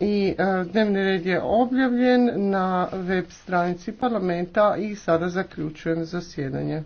i e, dnevni red je objavljen na web stranici parlamenta i sada zaključujem zasjedanje.